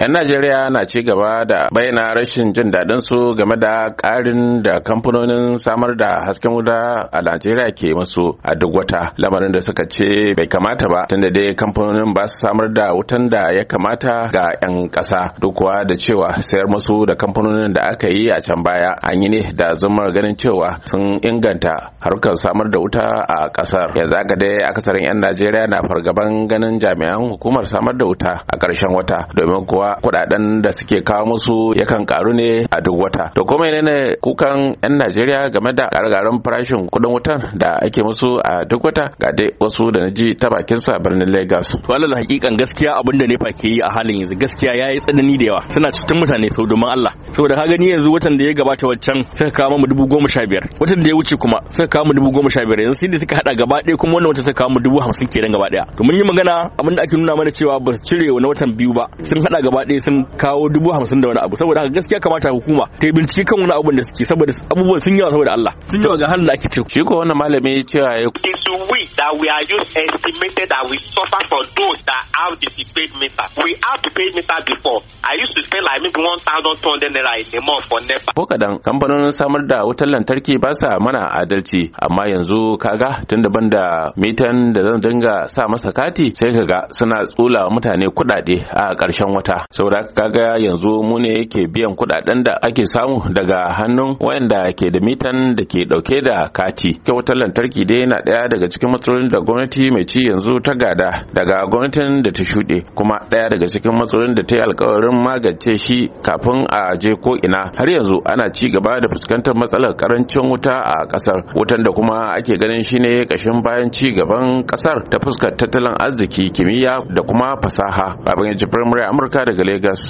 'yan najeriya na ci gaba da bayyana rashin jin daɗin su game da ƙarin da kamfanonin samar da hasken wuta a najeriya ke musu a duk wata lamarin da suka ce bai kamata ba tunda dai kamfanonin ba su samar da wutan da ya kamata ga 'yan ƙasa duk kuwa da cewa sayar musu da kamfanonin da aka yi a can baya an yi ne da zumar ganin cewa sun inganta harkar samar da wuta a ƙasar yanzu aka dai akasarin 'yan najeriya na fargaban ganin jami'an hukumar samar da wuta a ƙarshen wata domin kuwa kudaden kuɗaɗen da suke kawo musu yakan karu ne a duk wata to kuma ne kukan 'yan najeriya game da ƙarƙarin farashin kuɗin wutan da ake musu a duk wata ga dai wasu da na ji ta sa birnin lagos walal hakikan gaskiya abin da fa ke yi a halin yanzu gaskiya yayi tsanani da yawa suna cikin mutane sau domin allah saboda ka gani yanzu watan da ya gabata waccan suka kawo mu dubu goma sha biyar watan da ya wuce kuma suka kawo mu dubu goma sha biyar yanzu sai da suka hada gaba ɗaya kuma wannan watan suka kawo mu dubu hamsin kenan gaba ɗaya to mun yi magana abin da ake nuna mana cewa ba su cire wani watan biyu ba sun hada gaba ɗaya sun kawo dubu hamsin da wani abu saboda haka gaskiya kamata hukuma ta yi bincike kan wani abun da suke saboda abubuwan sun yawa saboda Allah sun yawa ga halin da ake ciki shi ko wannan malami ya ce we that we are used estimated that we suffer for those that have the prepaid meter we have prepaid meter before I Ko kaɗan kamfanonin samar da wutar lantarki ba sa mana adalci amma yanzu kaga tun daban da mitan da zan dinga sa masa kati sai kaga suna tsula mutane kuɗaɗe a karshen wata. Saboda kaga yanzu mu ne yake biyan kuɗaɗen da ake samu daga hannun wayanda ke da mitan da ke ɗauke da kati. Ke wutar lantarki dai yana ɗaya daga cikin matsalolin da gwamnati mai ci yanzu ta gada daga gwamnatin da ta shuɗe kuma ɗaya daga cikin matsalolin da ta yi alkawarin magance shi ciki kafin a je ko ina har yanzu ana ci gaba da fuskantar matsalar karancin wuta a ƙasar, wutan da kuma ake ganin shine kashin bayan ci gaban kasar ta fuskar tattalin arziki kimiyya da kuma fasaha babban jibrin amurka daga Legas.